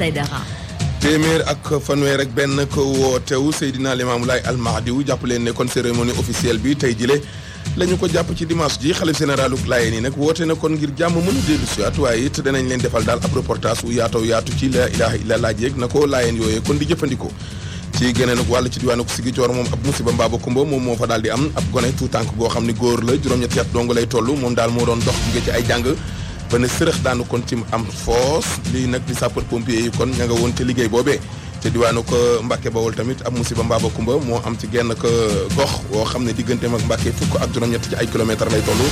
Aïdara téeméer ak fanweer ak benn ko wootewu Seydina Limaamu Laay almahdiwu jàpp leen ne kon cérémonie officielle bi tey jile la ñu ko jàpp ci dimanche ji xalif généralu Laayeen yi nag woote na kon ngir jàmm mën a dellu waaye it danañ leen defal daal ab reportage wu yaataw yaatu ci la ilaha illa laaj yeeg na ko Laayeen yooyee kon di jëfandikoo ci geneen ak wàll ci diwaanu ko sigi coor moom ab musiba mbaaba kumba moom moo fa daal di am ab gone tuutànk goo xam lay toll moom daal moo doon dox ci ay jàng ba ne sërëx daanu kon ci am foos lii nag di sapeur pompier yi kon ña nga woon ci liggéey boobee te diwaanu ko Mbacke Bawol tamit ab musiba mbaaba kumba moo am ci genn ko gox woo xam ne digganteem ak Mbacke fukk ak juróom-ñett ci ay kilomètres lay tollu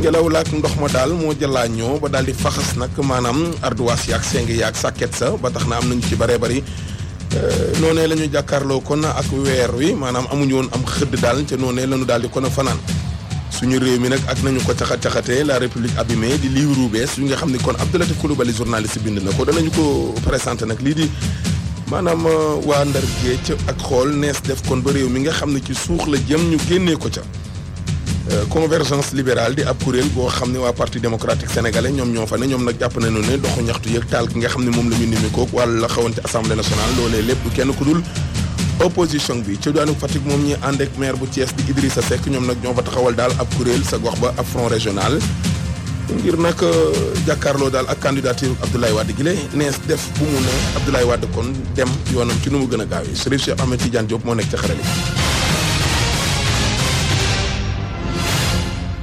ngelaw la ak ndox ma daal moo jëlaa ñoo ba daal di faxas nag maanaam arduwaas ak seng ak sàkket sa ba tax na am nañu ci bare bari euh, noonee la ñu jàkkaarloo kon ak weer wi maanaam amuñu woon am xëdd daal te noonee la ñu daal di kon a fanaan suñu réew mi nag ak nañu ko caxat caxatee la république abîmée di livre bu bees yu nga xam ne kon Abdoulatif Coulibaly journaliste bind na ko danañu ko présenté nag lii di maanaam uh, waa Ndar ca ak xool nees def kon ba réew mi nga xam ne ci suux la jëm ñu génnee ko ca. Uh, convergence libérale di ab kuréel boo xam ne waa parti démocratique sénégalais ñoom ñoo fa ne ñoom nag jàpp nañu ne doxu ñaxtu yeeg taal ki nga xam ne moom la ñu nimi koog wàllu la xawante assemblée nationale loolee lépp kenn ku dul. opposition bi ci diwaanu Fatick moom ñi ànd maire bu Thiès di Idrissa Seck ñoom nag ñoo fa taxawal daal ab kuréel sa gox ba ab front régional ngir nag euh, jàkkaarloo daal ak candidature Abdoulaye Wade gi nees def bu mu ne Abdoulaye Wade kon dem yoonam ci nu mu gën a gaawee Serigne Cheikh Ahmed Tidiane Diop moo nekk ca xarale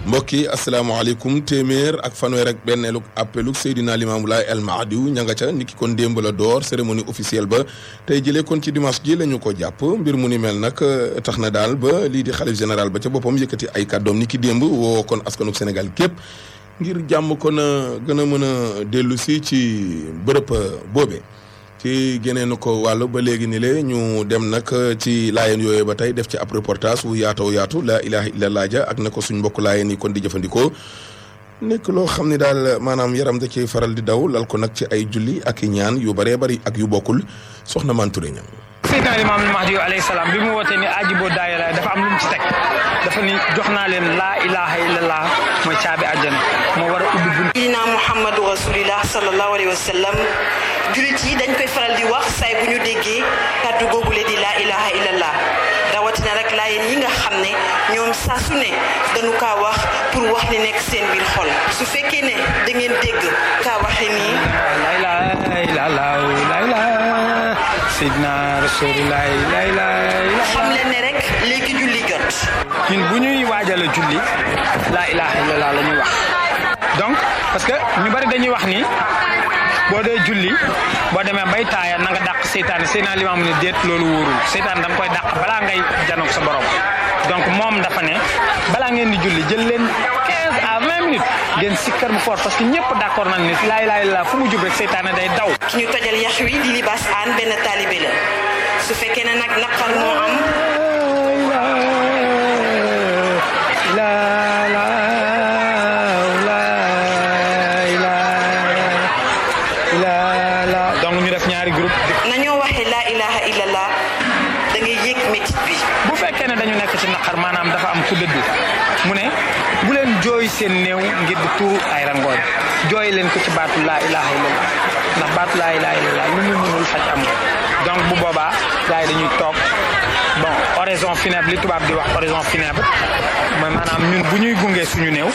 mbokk yi asalaamaaleykum téeméer ak fanweer ak benneelu appeluk Seydina Limaamu Laay El Mahdiou ña nga ca niki kon démb la door cérémonie officielle ba tey jëlee kon ci dimanche ji la ko jàpp mbir mu ni mel nag euh, tax na daal ba lii di xalif général ba ca boppam yëkkati ay kàddoom niki démb woo kon askanuk Sénégal képp ngir jàmm kon a euh, gën a mën a dellu si ci bërëb euh, boobe ci génneenu ko wàll ba léegi ni le ñu dem nag ci laayeen yooyu ba tey def ci ab reportage wu yaataw yaatu laa ilaha illallah ja ak na ko suñ mbokk laayeen yi kon di jëfandikoo nekk loo xam ne daal maanaam yaram da ciy faral di daw lal ko nag ci ay julli ak i ñaan yu bëree bari ak yu bokkul soxna Mantouré ñam Seydina Limaamu leen laa ilaha illallah mooy caabi moo war ubbi bunt. Seydina Muhammadu Rasulillah sallallahu alayhi wa sallam jullit yi dañ koy faral di wax saay bu ñu déggee kàddu googule di laa ilaha illallah rawatina rek laayeen yi nga xam ne ñoom saa su ne dañu kaa wax pour wax li nekk seen biir xol su fekkee ne da dégg kaa waxe nii la ilaha illallah la la ilaha xam leen rek léegi julli jot bu ñuy waajal a julli la ilaha ñu bari dañuy wax ni boo dee julli boo demee bay taaya na nga dàq seytaane Seydina Limaamu ne déet loolu wóorul seytaane danga koy dàq balaa ngay janoog sa borom donc moom dafa ne balaa ngeen di julli jël leen 15 à 20 minutes ngeen sikkar bu fort parce que ñëpp d'accord nañ ni laay laay la fu mu jub rek seytaane day daw. ki ñu tojal yax wi di libaas aan benn taalibe la su fekkee ne nag naqar moo am. allah da ngay yëg bi. bu fekkee ne dañu nekk ci naqar maanaam dafa am ku dëdd mu ne bu leen jooy seen néew ngir di tuur ay rangooñ jooy leen ko ci baatu laa ilaha illallah ndax baatu laa ilaha illallah lu mu mënul faj am donc bu boobaa gars yi dañuy toog bon oraison funèbre li tubaab di wax oraison funèbre mooy maanaam ñun bu ñuy gungee suñu néew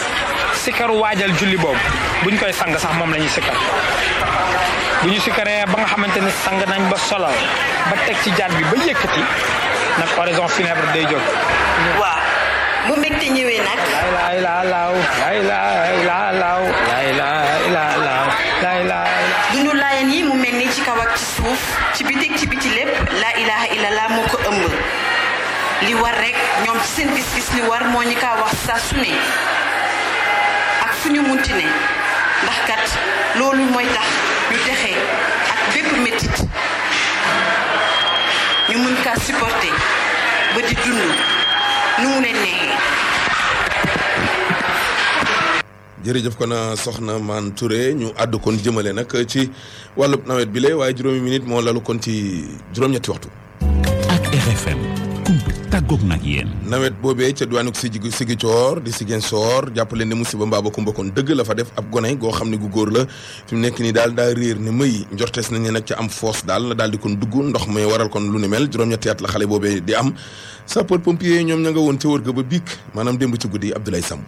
sikaru waajal julli boobu buñ koy sang sax moom lañuy ñuy sikar bu ñu sikkaree ba nga xamante ne sang nañ ba solal ba teg ci jaan bi ba yëkkati nag oraison funèbre day jóg. waaw bu mbégte ñëwee nag. laay laay laaw laay laay laaw laay laay laaw mu mel ni ci kaw ak ci suuf ci biti ci biti lépp laa ilaha illallah moo ko ëmb li war rek ñoom ci seen gis-gis li war moo ñu kaa wax saa su ne ak fu ñu munti ne ndax kat loolu mooy tax. ñu texee ak bépp métit ñu mën kaa supporter ba di dund nu mu leen neexee jërëjëf kon euh, soxna Man Touré ñu àddu kon jëmale nag ci wàllub nawet bi lay waaye juróomi minute moo lalu kon ci juróom-ñetti waxtu. ak RFM. tàggoog nag yéen nawet boobee ca duwaanuk si sigi coor di si sigeen soor jàppaleen ne musiba mbaa ba kumba kon dëgg la fa def ab gone goo xam ne gu góor la fi mu nekk nii daal daa réer ne may njortees nañ ne nag ca am foos daal la daal di kon dugg ndox may waral kon lu ni mel juróom-ñetti at la xale boobee di am sapeur pompier ñoom ña nga woon ca wër ga ba biik maanaam démb ci guddi Abdoulaye Samb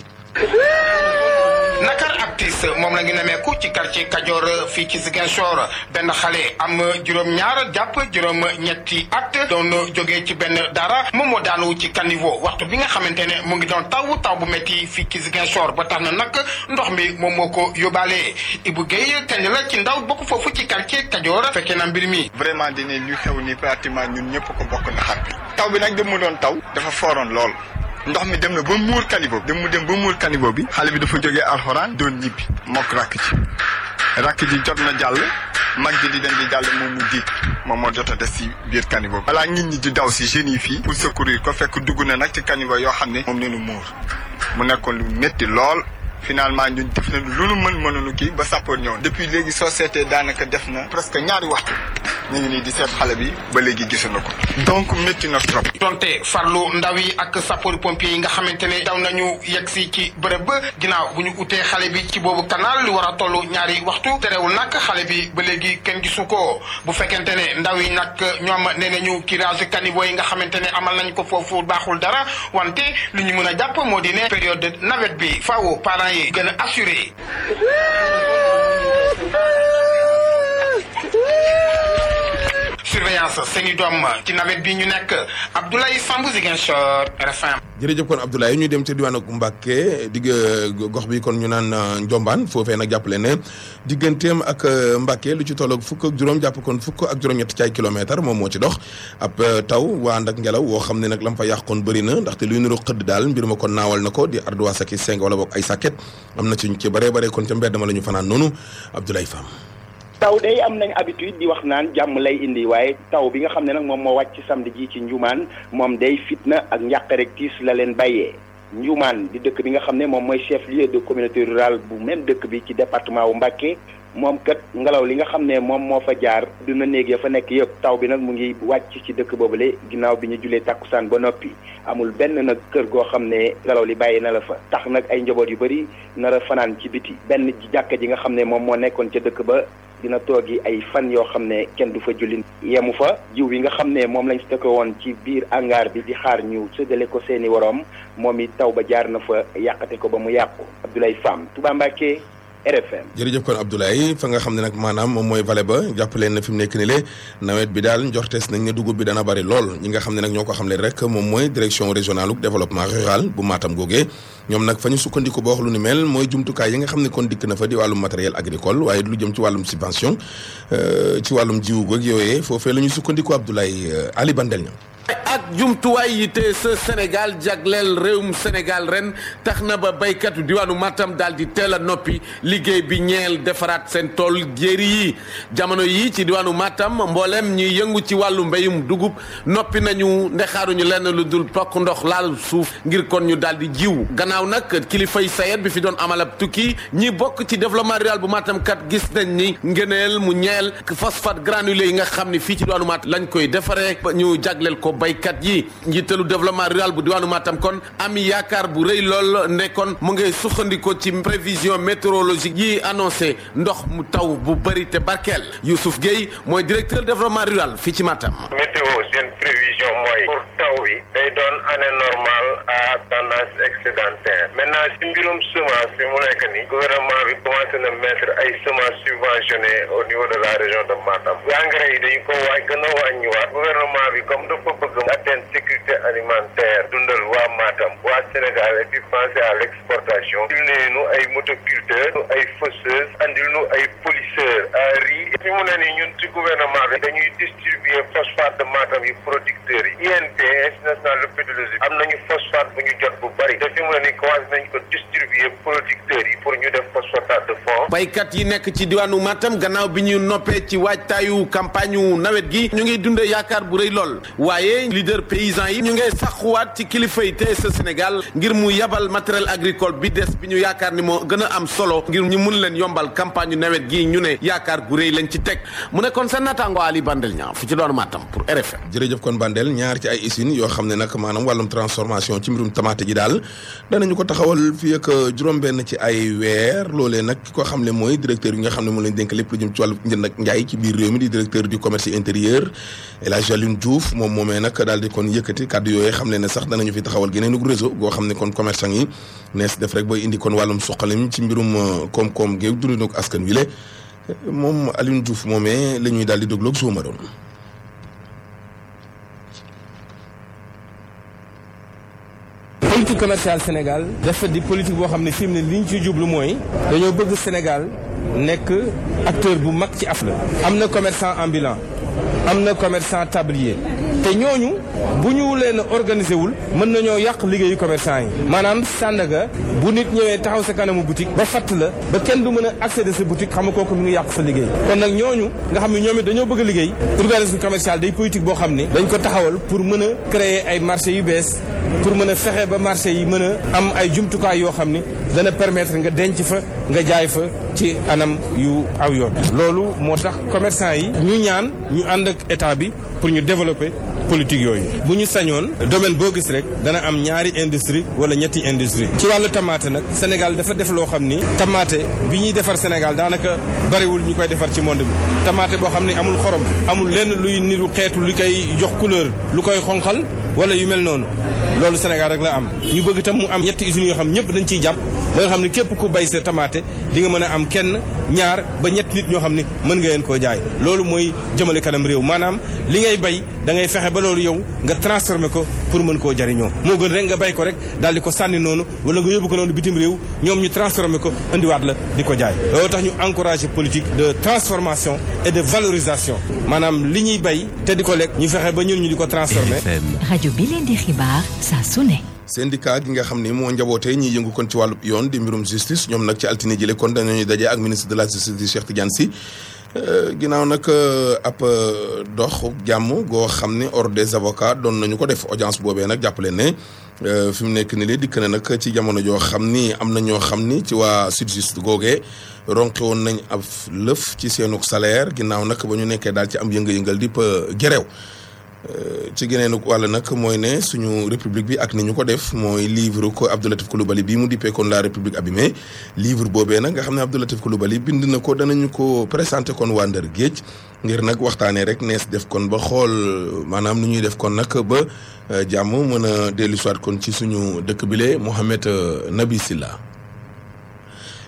actrice moom la ñu nemeeku ci quartier Kajoor fii ci Ziguinchor benn xale am juróom-ñaar jàpp juróom-ñetti at doon jógee ci benn dara moom moo daanu ci caniveau waxtu bi nga xamante ne mu ngi doon taw taw bu métti fii ci Ziguinchor ba tax na nag ndox mi moom moo ko yóbbaale Ibou Guèye tend la ci ndaw bokk foofu ci quartier Kajoor fekkee na mbir mi. vraiment dinañ ñu xew ni pratiquement ñun ñëpp ko bokk na xam taw bi nag dem mu doon taw dafa fooroon lool. ndox mi dem na ba muur caniveau bi dem mu dem ba muur caniveau bi xale bi dafa jógee alxuraan doon ñibbi mokk rakk ci rakk ji jot na jàll mag ji di dem di jàll moom mu diig moom moo jot des si biir caniveau bi balaa nit ñi di daw si jeunes yi fii pour secourir ko fekk dugg na nag ci caniveau yoo xam ne moom ne nu muur mu nekkoon lu métti lool finalement ñun def na lu nu mën mënuñu kii ba sappoor ñëw depuis léegi soo seetee daanaka def na presque ñaari waxtu ñu ngi nii di seet xale bi ba léegi na ko donc métti na trop donte farlu ndaw yi ak sappoor pompier yi nga xamante ne daw nañu yegg si ci bërëb ba ginnaaw bu ñu utee xale bi ci boobu canal lu war a toll ñaari waxtu terewul nag xale bi ba léegi kenn gisu ko bu fekkente ne ndaw yi nag ñoom nee nañu curage caniveau yi nga xamante ne amal nañ ko foofu baaxul dara wante lu ñu mën a jàpp moo di période nawet bi faaw parents yi gën a assuré. surveillance seen i doom ci nawet bi ñu nekk Abdoulaye Samb Ziguinchor RFM. jërëjëf kon Abdoulaye ñu dem ci diwaana gu Mbacke digg euh, gox bi kon ñu naan euh, Ndiombane foofee nag jàppale ne digganteem ak euh, Mbacke lu ci tolloog fukk juróom jàpp kon fukk ak juróom-ñett ci ay moom moo ci dox ab taw waa ànd ak ngelaw woo xam ne nag lam fa yàq kon bëri na ndaxte luy nuru xëdd daal mbiruma kon naawal na ko di arduwa saki seng wala boog ay sàkket am na ci ñu ci bare bare kon ca mbedd ma la ñu fanaan noonu Abdoulaye Fam taw day am nañ habitude di wax naan jàmm lay indi waaye taw bi nga xam ne nag moom moo wàcc samedi ji ci njumaan moom day fitna ak njàqare ak tiis la leen bàyyee njumaan di dëkk bi nga xam ne moom mooy chef lieu de communauté rurale bu même dëkk bi ci département wu Mbacké moom kat ngelaw li nga xam ne moom moo fa jaar dina néeg ya fa nekk yëpp taw bi nag mu ngi wàcc ci dëkk boobu boobule ginnaaw bi ñu julee tàkkusaan ba noppi amul benn nag kër goo xam ne ngelaw li bàyyi na la fa tax nag ay njaboot yu bëri nar a fanaan ci biti benn jàkka ji nga xam ne moom moo nekkoon ca dëkk ba dina toogi ay fan yoo xam ne kenn du fa julli yemu fa jiw bi nga xam ne moom lañ stocké woon ci biir angaar bi di xaar ñu séddale ko seeni woroom moom it taw ba jaar na fa yàqate ko ba mu yàqu Abdoulaye RFM. jërëjëf kon Abdoulaye fa nga xam ne nag maanaam moom mooy vallée ba jàpp leen na fi mu nekk nii le nawet bi daal njortees nañ ne dugub bi dana bari lool ñi nga xam ne nag ñoo ko xam le rek moom mooy direction régionale du développement rural bu Matam googee ñoom nag fa ñu sukkandiku ba wax lu ni mel mooy jumtukaay yi nga xam ne kon dikk na fa di wàllum matériel agricole waaye lu jëm ci wàllum subvention euh, ci wàllum jiwu goog yooyee foofee la ñuy sukkandiku Abdoulaye euh, Ali Bandel ñoom ah, ak jumtuwaay yi te Sénégal jagleel réewum Sénégal ren tax na ba béykatu diwaanu Matam daal di teel noppi liggéey bi ñeel defaraat seen tool jéeri yi jamono yi ci diwaanu Matam mboolem ñi yëngu ci wàllu mbéyum dugub noppi nañu ndexaaruñu lenn lu dul pokk ndox laal suuf ngir kon ñu daal di jiw gannaaw nag kilifay sayet bi fi doon amalab tukki ñi bokk ci développement rural bu Matam kat gis nañ ni ngëneel mu ñeel phosphate granulé yi nga xam ne fii ci diwaanu Matam lañ koy defaree ñu jagleel ko bay baykat yi njiitalu développement rural bu diwaanu Matam kon am yaakaar bu rëy lool ne kon mu ngay sukkandikoo ci prévision météorologique yi annoncé ndox mu taw bu bëri te barkeel Youssouf Gueye mooy directeur développement rural fii ci Matam. météo seen prévision mooy pour taw bi day doon année normale à tendance excédentaire maintenant si mbirum semence bi mu nekk ni gouvernement bi commencé na mettre ay semences subventionnées au niveau de la région de Matam engrais atteindre sécurité alimentaire dundal waa Matam waa Sénégal et puis penser à l'exportation il nee nu ay motoculteurs nu ay fausseuses andil nu ay polisseurs à riz fi mu ne nii ñun ci gouvernement bi dañuy distribuer phosphate de Matam yi producteurs yi INP Institut de pédologie am nañu phosphate bu ñu jot bu bari te fi mu ne nii commencé nañ ko distribuer producteurs yi pour ñu def phosphatage de fond baykat yi nekk ci diwaanu Matam gannaaw bi ñuy noppee ci waajtaayu campagne wu nawet gi ñu ngi dundee yaakaar bu rëy lool waaye leader paysan yi ñu ngay saxuwaat ci kilifa yi tey sa Sénégal ngir mu yabal matériel agricole bi des bi ñu yaakaar ni moo gën am solo ngir ñu mun leen yombal campagne nawet gi ñu ne yaakaar gu réy lañ ci teg mu ne kon seen naataango Ali Bandel ñaa fu ci kon Bandel ñaar ci ay usines yoo xam ne nag maanaam wàllum transformation ci mbirum tamaate ji daal danañu ko taxawal fii ak juróom-benn ci ay weer loolee nag ki ko xam ne mooy directeur yi nga xam ne moo leen dénk lépp lu jëm ci wàllu njënd ak njaay ci biir réew daal di kon yëkkati kàddu yooyu xam ne ne sax danañu fi taxawal geneenug réseau goo xam ne kon commerçant yi nees def rek boo indi kon wàllum suqalim ci mbirum euh, koom-koom géew dundinug askan wi le moom Alioune Diouf moomee la ñuy daal di ma ak commercial Sénégal dafa di politique boo xam ne fi mu ne li ñu ci jublu mooy dañoo bëgg Sénégal nekk acteur bu mag ci Afrique am na commerçant ambulant am na commerçant tablier te ñooñu bu ñu leen organisé wul mën nañoo yàq liggéeyu commerçant yi maanaam Sandaga bu nit ñëwee taxaw sa kanamu boutique ba fatt la ba kenn du mën a accéder sa boutique xam nga kooku mi ngi yàq sa liggéey kon nag ñooñu nga xam ne ñoom it dañoo bëgg a liggéey organisme commercial day politique boo xam ne dañ ko taxawal pour mën a créer ay marché yu bees pour mën a fexe ba marché yi mën a am ay jumtukaay yoo xam ne dana permettre nga denc fa nga jaay fa ci anam yu aw yoon loolu moo tax commercant yi ñu ñaan ñu ànd ak état bi pour ñu développer politique yooyu bu ñu sañoon domaine boo gis rek dana am ñaari industrie wala ñetti industrie ci wàllu tamaate nag Sénégal dafa def loo xam ni tamaate bi ñuy defar Sénégal daanaka bariwul ñu koy defar ci monde bi tamaate boo xam ne amul xorom amul lenn luy niru xeetu li koy jox couleur lu koy xonqal wala yu mel noonu loolu Sénégal rek la am ñu bëgg tam mu am ñetti usines yoo xam ñëpp dañ ciy jàpp ba xam ne képp ku bay sa tamaate li nga mën a am kenn ñaar ba ñett nit ñoo xam ne mën nga leen koo jaay loolu mooy jëmale kanam réew maanaam li ngay bay dangay fexe ba loolu yow nga transformé ko pour mën koo jariñoo moo gën rek nga bay ko rek daal di ko sànni noonu wala nga yóbbu ko noonu bitim réew ñoom ñu transformé ko indiwaat la di ko jaay loolu tax ñu encouragé politique de transformation et de valorisation maanaam li ñuy bay te di ko lekk ñu fexe ba ñun ñu di ko transformé seen syndicat gi nga xam ni moo njabootee ñiy yëngu kon ci wàllu yoon di mbirum justice ñoom nag ci altine jële kon dañu daje ak ministre de la justice di Cheikh Tidiane euh, ginnaaw nag euh, ab euh, dox jàmm goo xam ne ordre des avocats doon nañu ko def audience boobee nag jàppale ne fi mu nekk ni li dikk ne nag ci jamono joo xam ni am na ñoo xam ni ci waa sud juste googee ronqe woon nañ ab lëf ci seenuk salaire ginnaaw nag ba ñu nekkee daal ci am yënga-yëngal di p gereew Euh, ci geneenu wàll nag mooy ne suñu république bi ak ni ñu ko def mooy livre ko Abdou Latif Coulibaly bii mu dippee kon la république abîmée livre boobee nag nga xam ne Abdou Latif Coulibaly bind na ko danañu ko présenté kon waa Ndar Géej ngir nag waxtaanee rek nees def kon ba xool maanaam nu ñuy def kon nag ba euh, jàmm mën a dellu kon ci suñu dëkk bile Mouhamed euh, Nabi Silla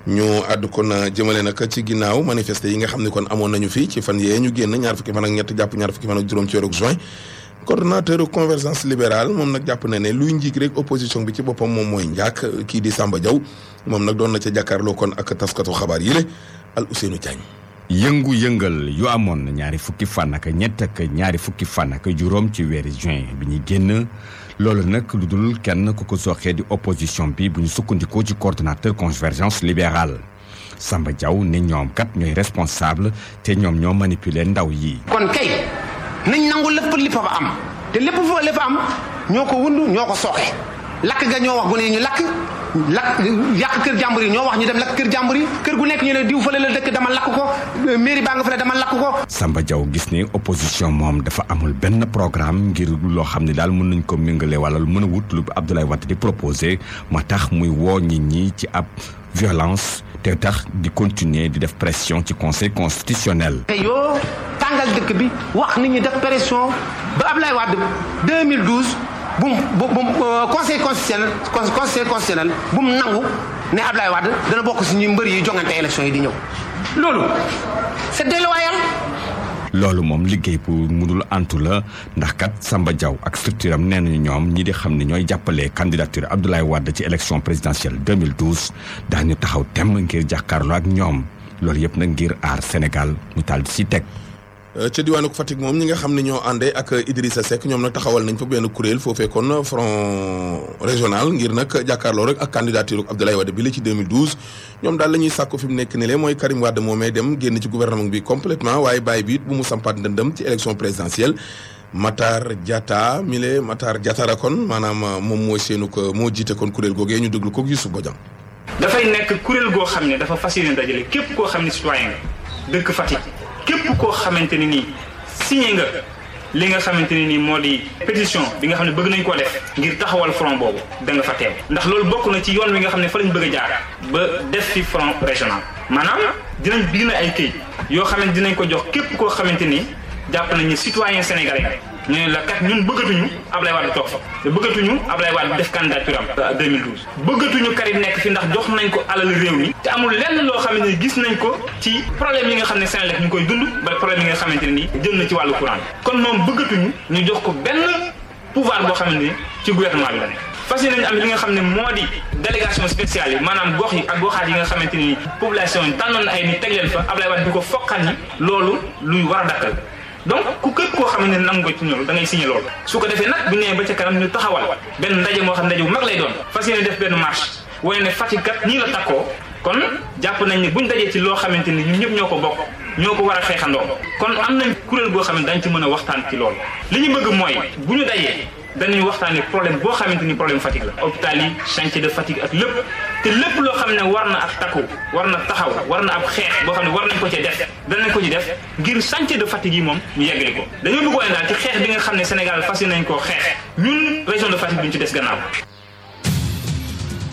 ñu àddu kon jëmale nag ci ginnaaw manifester yi nga xam ne kon amoon nañu fi ci fan yee ñu génn ñaar fukki fan ak jàpp ñaar fukki fan ak juróom ci weeru convergence libérale moom nag jàpp na ne luy njiig rek opposition bi ci boppam moom mooy njaak kii di Samba Diaw moom nag doon na ca jàkkaarloo kon ak taskatu xabaar yi la al Ousseynou Diagne yëngu-yëngal yu amoon ñaari fukki fan ak ñaari fukki fan ak juróom ci weeri juin bi ñu génn loolu nag lu dul kenn ku ko soxee di opposition bi bu ñu sukkandikoo ci coordonnateur convergence libérale Samba Diaw ne ñoom kat ñooy responsable te ñoom ñoo manipuler ndaw yi. kon kay nañ nangu lépp li fa am te lépp fa lépp am ñoo ko wund ñoo ko sooxe lakk ga ñoo wax gone yi ñu lakk. lakk yàq kër jàmbur yi ñoo wax ñu dem lakk kër jàmbur yi kër gu nekk ñu ne diw fële la dëkk dama lakk ko mairie baa nga fële dama lakk ko. Samba Diaw gis ne opposition moom dafa amul benn programme ngir loo xam ne daal mën nañ ko méngale wala mën a wut lu Abdoulaye Wade di proposé ma tax muy woo nit ñi ci ab violence te tax di continuer di def pression ci conseil constitutionnel. te yoo tàngal dëkk bi wax nit ñi def pression ba Abdoulaye Wade 2012. bu mu bu mu euh, conseil constitutionnel conseil constitutionnel bu mu nangu ne Ablaye Wade dana bokk si ñuy mbër yi jongante élection yi di ñëw loolu c'est déloyal. loolu moom liggéey pour mudul antu la ndax kat Samba Diaw ak structure am nee nañu ñoom ñi di xam ne ñooy jàppale candidature Abdoulaye Wade ci élection présidentielle 2012 daañu taxaw temm ngir jàkkaarloo ak ñoom loolu yëpp nag ngir aar Sénégal mu taal di si teg. Euh, ca diwaanu Fatick moom ñi nga xam ne ñoo àndee ak Idrissa Seck ñoom na taxawal nañ fa benn kuréel foofee kon front régional ngir nag jàkkaarloo rek ak candidature Abdoulaye Wade bi la ci 2012 ñoom daal lañuy sàkk sàkku fi mu nekk ni le mooy Karim Wade moomee dem génn ci gouvernement bi complètement waaye bàyyi bi it bu mu sampaat ndëndëm ci élection présidentielle Matar Diatta mile Matar Diattara kon maanaam moom moo seenu ko moo jiite kon kuréel googee ñu déglu ko Youssouf Bodian dafay nekk kuréel goo xam ne dafa fas yéene dajale képp koo xam ne citoyen dëkk Fatick képp koo xamante ni nii signé nga li nga xamante ni nii moo di pétition bi nga xam ne bëgg nañ koo def ngir taxawal front boobu da nga fa teew ndax loolu bokk na ci yoon wi nga xam ne fa lañ bëgg a jaar ba def fi front régional maanaam dinañ bind ay këyit yoo xam ne dinañ ko jox képp koo xamante ni jàpp nañu citoyen sénégalais ñu ne la kat ñun bëggatuñu Ablaye Wade toog fa te bëggatuñu Ablaye Wade def candidature am 2012 ah, bëggatuñu Karim nekk fi ndax jox nañ ko alal réew mi te amul lenn loo xam ne gis nañ ko ci problème yi nga xam ne Senelec ñu koy dund ba problème yi nga xamante nii jëm na ci wàllu courant kon moom bëggatuñu ñu jox ko benn pouvoir boo xam ne ci gouvernement bi la nekk fas yéene nañu am li nga xam ne moo di délégation spéciale yi maanaam gox yi ak goxaat yi nga xamante ni population yi tànnoon na ay ni teg leen fa Ablaye Wade di ko foqal loolu luy war a dakkal donc ku kër koo xam ne nangu ci ñoom dangay ngay signé loolu su ko defee nag bu nee ba ca kanam ñu taxawal benn ndaje moo xam ndaje bu mag lay doon fas yéene def benn marche wane ne Fatick kat ñii la takkoo kon jàpp nañ ne buñ dajee ci loo xamante ni ñun ñëpp ñoo ko bokk ñoo ko war a xeexandoo kon am nañ kuréel goo xam ne dañ ci mën a waxtaan ci loolu li ñu bëgg mooy bu ñu dajee waxtaan waxtaanee problème boo xamante ni problème Fatick la hôpital yi chantier de Fatick ak lépp te lépp loo xam ne war na ak takku war na taxaw war na ab xeex boo xam ne war nañ ko ci def danañ ko ci def ngir chantier de Fatick yi moom ñu yeggali ko dañoo bëgg woon daal ci xeex bi nga xam ne Sénégal fas nañ koo xeex ñun région de Fatick duñ ci des gannaaw.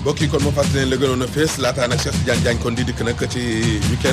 mbokk yi kon moo fàttali leen la gënoon a fees laataa nag Cheikh Tidiane Diagne kon di dikk nag ci week